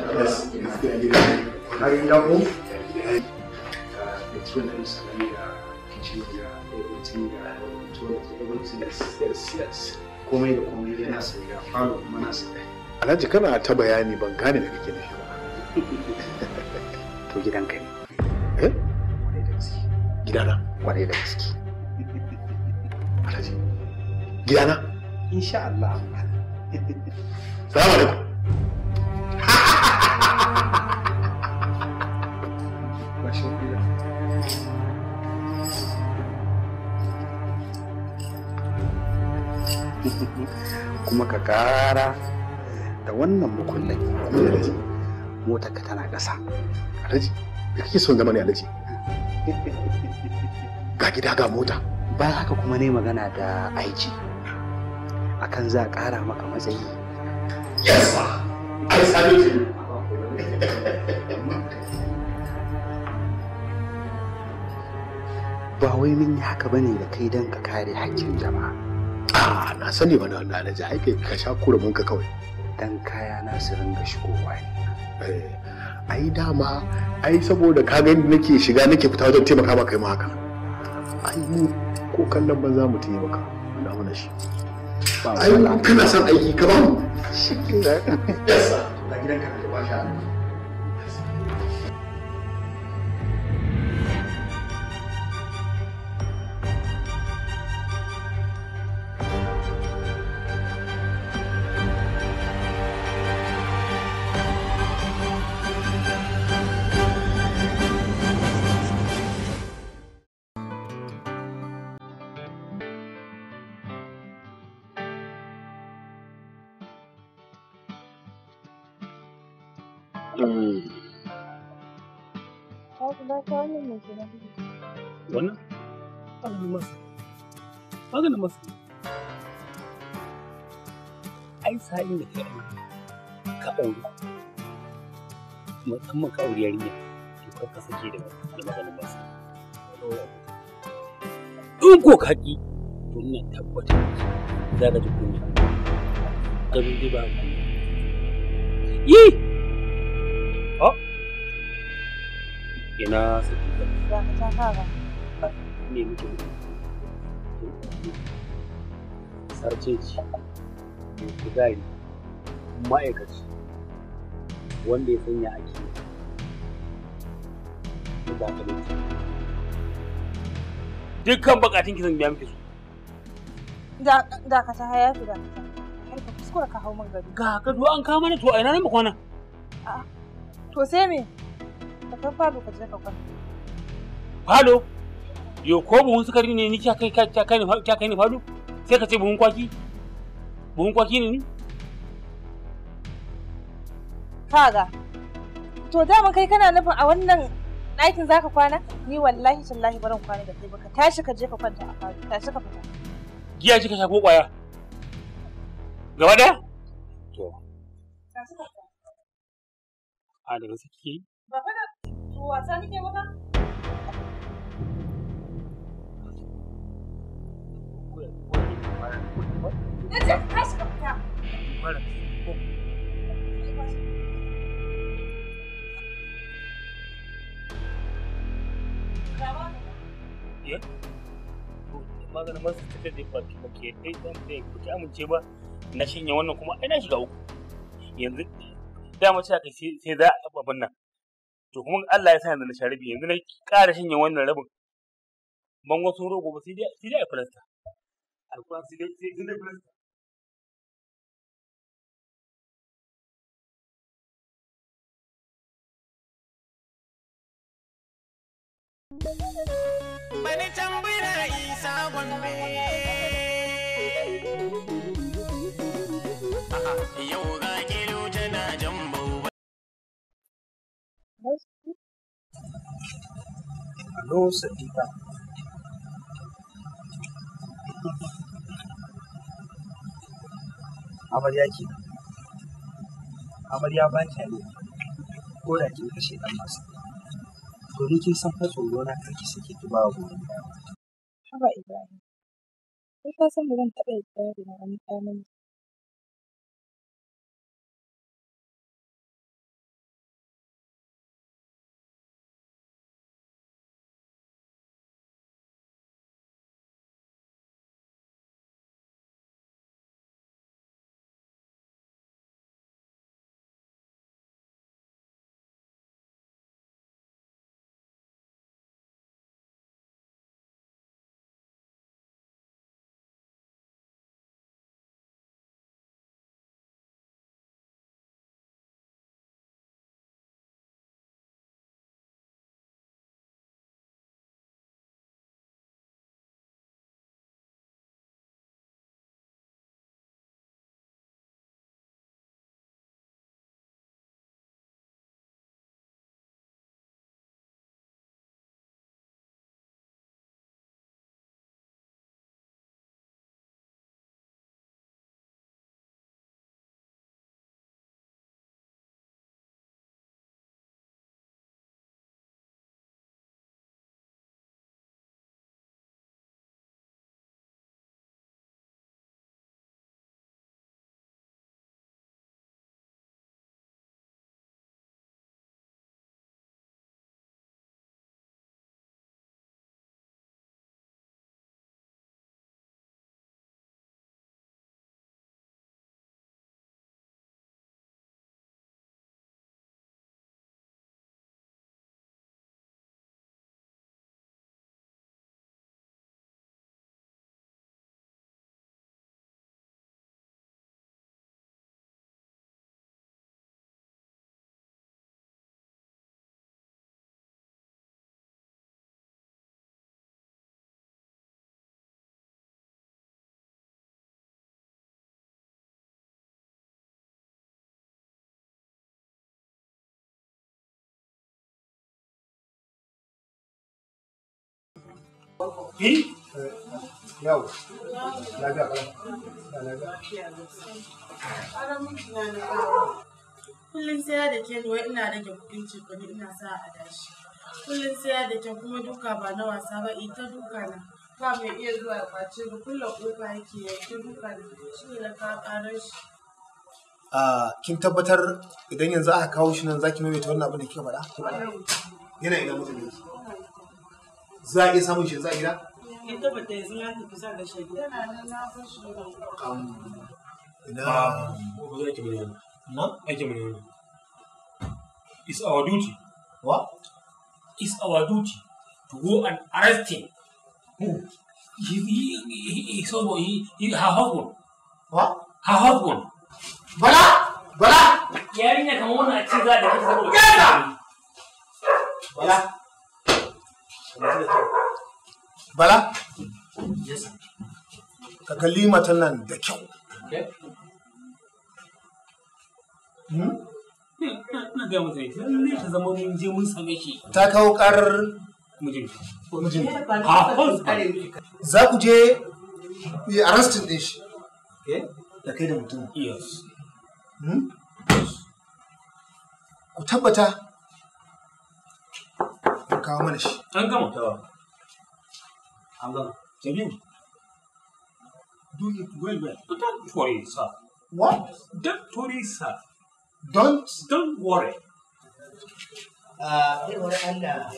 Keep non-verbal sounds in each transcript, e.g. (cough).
Yes, ina ta gida har gida It's when uh, I'm kitchen uh, everything uh, everything yes yes yes Alhaji kana ta bayani ban gane da kake nufi ba. (laughs) To Eh? Gidana? da gaske. Alhaji. Gidana? Insha Allah. Salamu alaikum. (laughs) kuma ka kara da wannan mukullai alhaji mota ka tana ƙasa alhaji da kake son zama ne alhaji (laughs) ga gida ga mota bayan haka kuma ne magana da aiki akan za a ƙara maka matsayi yawa ai sabi ba wai mun yi haka bane da kai don ka kare hakkin jama'a a ah, na sani ba na na ji aiki ka sha kurumin ka kawai dan kaya na su ringa shigowa Eh, ai dama ai saboda ka gani nake shiga nake fita wajen taimaka maka kai ma haka ai mu ko kallon ban za mu taimaka na wanda shi ai kana son aiki ka ba mu shi ke da yasa na gidanka ka ba shi Wannan? Maganin masa. Maganin masa. Ai sa'in da kai ka aure. Musamman ka aure yarinya. To ka sake da maganin masa. In ko ka ƙi, to ina tabbatar za ka ji kunya. Garin ba ku. Yi! ina sadiqa ka ta kaga ne muke sarceci mai kuzari ma'aikaci wanda ya sanya ake ba ka dukkan bukatun kisan biya muke su da ka ta haya fi da ka ta ka kuskura ka hau man gari ga ka duwa an kama na to a ina ne makwana to sai me Falo? Yo ko buhun sukari ne ni kya kai ni falo? Sai ka ce buhun kwaki? Buhun kwaki ne ni? Kaga. To dama kai kana nufin a wannan ɗakin ka kwana? Ni wallahi tallahi barin kwana da kai baka tashi ka je ka kwanta a falo tashi ka fita. Giya kika sha ko kwaya? Gaba ɗaya? To. A daga suke wasa nake maka? Na ce ka tashi ka maganin masu tafiya da baki baki yadda ya ɗan da amince ba na shanye wannan kuma ai na shiga uku yanzu dama mace aka sai za a abin nan to kuma Allah ya sa yanzu na sha rabi yanzu na ƙara shanye wannan rabin bango sun rogo ba sai dai a filasta alkuwa sai dai filasta Bani tambira isa gombe dosa pipa. Amarya ke amarya ba ta Por ko da kin kashe ɗan masu. To ni kin san fa tsoro na se suke a un lugar. Haba Ibrahim. Ni ka san ba zan taɓa yadda da wani ɗan Eh, kullum sai ya da ke ni wai ina rage kuɗin cefane ina sa a dashi kullum sai ya da ke kuma duka ba na wasa ba ita duka na ba mai iya zuwa ya kwace ba kullum ƙofa yake ya ke duka na shi ne na kawo ƙarar shi kin tabbatar idan yanzu aka kawo shi nan zaki maimaita wannan abin da kika faɗa yana ina mutane za a iya samun shi yanzu a gida? za na za it's our duty what it's our duty to go and arrest him who he he he he he, he her husband what her husband bala bala yarinya kamar wannan a ce za da wata saboda bala bala bala ka kalli matan nan da kyau ta kawo karar eh, ah, za ku je yi arrestin ɗin shi eh? da kai da mutum hmm? ku tabbata kawo mana shi an gama an gama do it well, well. But don't worry, sir. What? Don't worry, sir. Don't? Don't worry. Uh, Allah.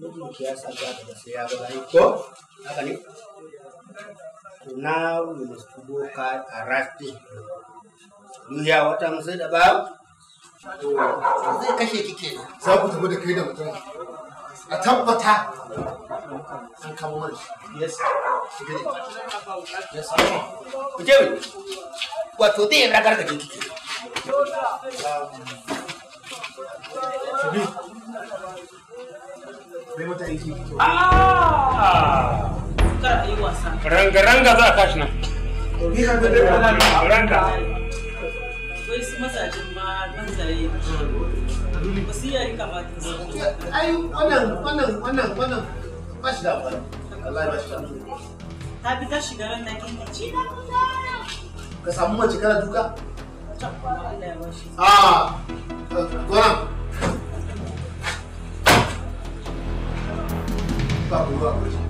Mutum ya sa ta da sai ya ga ko haka ne? Now we must go card arrest You hear what I'm saying about? zai kashe ki kenan za ku tafi da kai da mutum a tabbata an kamo shi yes yes wato ragar da kike bai mata ah! ranga ranga za a tashi nan ranga akwai su kamata su wannan wannan wannan wannan ba shi da amfani shi da ta bi ta shiga ran ci na ka samu mace kana duka ah gona ba ba